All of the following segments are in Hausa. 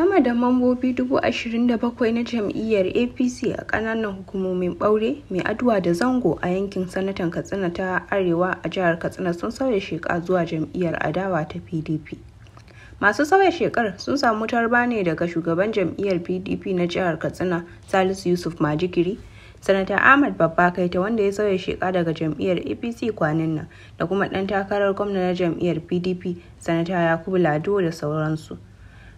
Sama da mambobi dubu ashirin da bakwai na jam'iyyar APC a ƙananan hukumomin Ɓaure, mai addu'a da Zango a yankin Sanatan Katsina ta Arewa a jihar Katsina sun sauya sheka zuwa jam'iyyar adawa ta PDP. Masu sauya shekar sun samu tarba ne daga shugaban jam'iyyar PDP na jihar Katsina Salisu Yusuf Majigiri, Sanata Ahmad Babba Kaita wanda ya sauya sheka daga jam'iyyar APC kwanan nan da kuma ɗan takarar gwamna na jam'iyyar PDP Sanata Yakubu Lado da sauransu.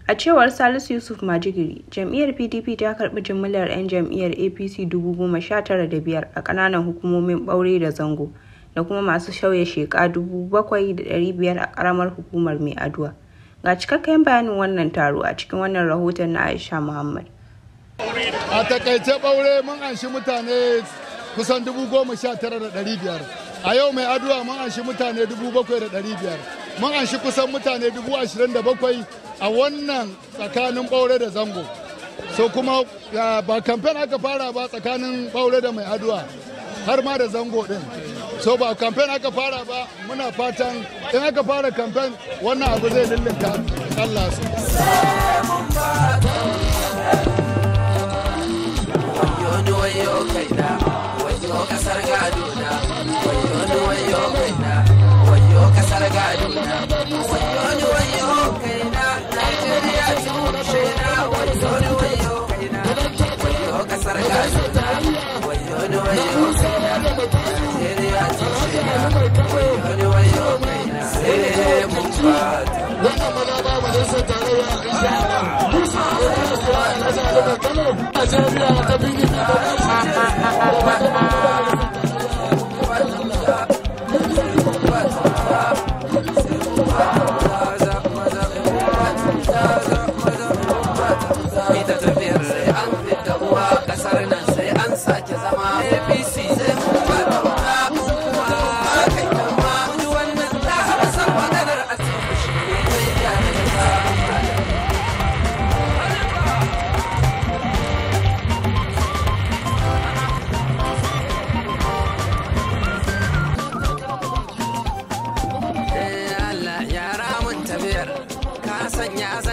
A cewar Salisu Yusuf Majigiri, jam'iyyar PDP ta karɓi jimillar 'yan jam'iyyar APC 19,500 a ƙananan hukumomin ɓaure da zango da kuma masu shauya sheƙa 7,500 a ƙaramar hukumar mai aduwa. Ga cikakken bayanin wannan taro a cikin wannan rahoton na Aisha Muhammad. A takaice ɓaure mun anshi mutane kusan 19,500. A yau mai aduwa mun anshi mutane 7,500. Mun anshi kusan mutane 27,000 a wannan tsakanin ɓaure da zango so kuma ba kamfen aka fara ba tsakanin ɓaure da mai aduwa har ma da zango ɗin so ba kamfen aka fara ba muna fatan in aka fara kamfen wannan abu zai lullunta allah su wannan manaba majalisar tarayya in sha Allah. Musa Alhaji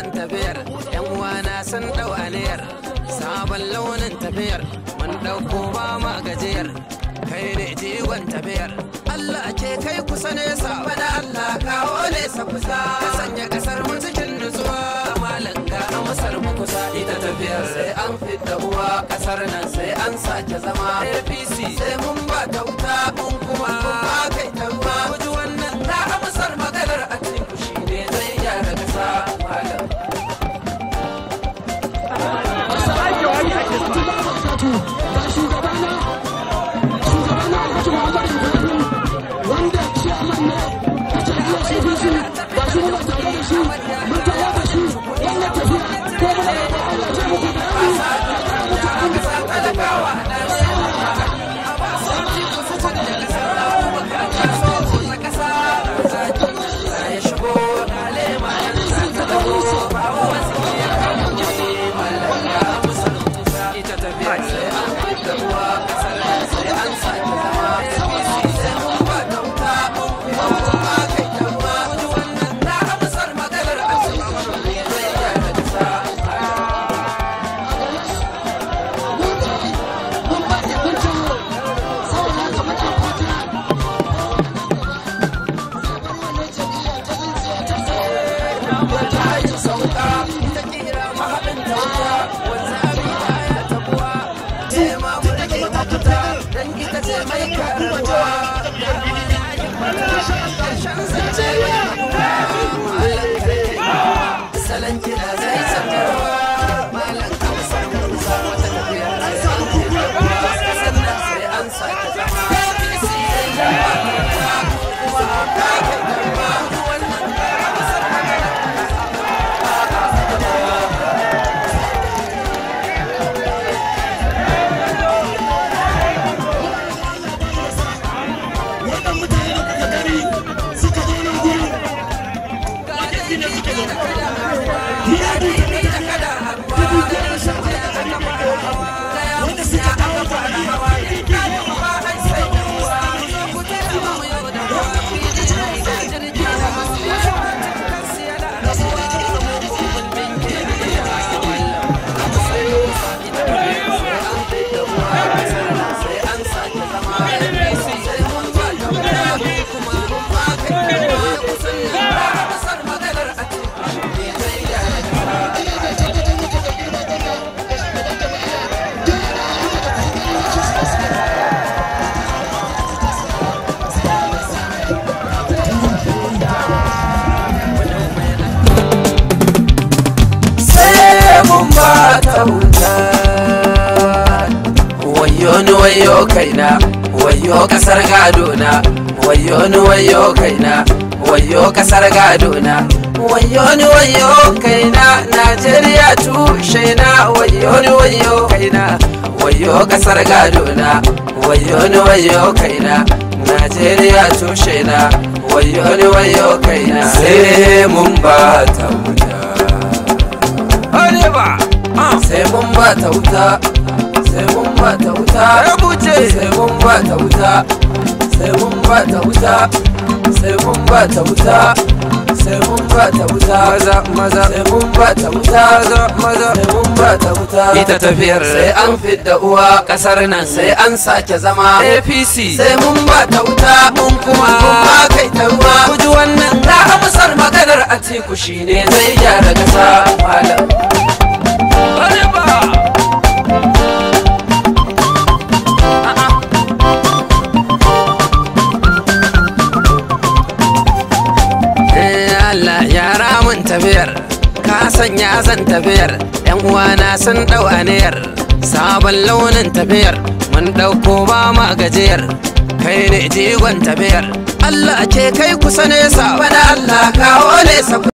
son tafiyar yan uwana san dau aliyar sabon launin tafiyar mun dauko ba ma gajiyar kai ne tafiyar Allah ke kai kusa nesa bana Allah kawo nesa kusa ka sanya kasar mu cikin nutsuwa malam a masar mu kusa ita tafiyar sai an fita uwa kasar nan sai an sake zama APC sai mun ba ta wuta Much 我。wayo kaina wayo kasar gadona wayo ni wayo kaina wayo kasar gadona wayo ni wayo kaina najeriya tushaina wayo ni wayo kaina wayo kasar gadona wayo ni wayo kaina najeriya tushaina wayo ni wayo kaina ah! sai mun ba ta wuta sai mun ba ta wuta sai mun ba ta wuta sai mun ba ta wuta sai mun ba ta wuta sai mun ba ta wuta sai mun ba ta wuta maza maza sai mun ba ta wuta maza maza sai mun ba ta wuta ita tafiyar sai an fidda uwa kasar nan sai an sake zama apc sai mun ba ta wuta mun kuma kuma kai ta ruwa kuji wannan na amsar maganar a atiku shine zai gyara kasa malam sanya zan tafiyar yan uwana sun dau aniyar sabon launin tafiyar mun dauko ba ma gajiyar kai ne jigon tafiyar Allah ke kai kusa nesa wani Allah kawo nesa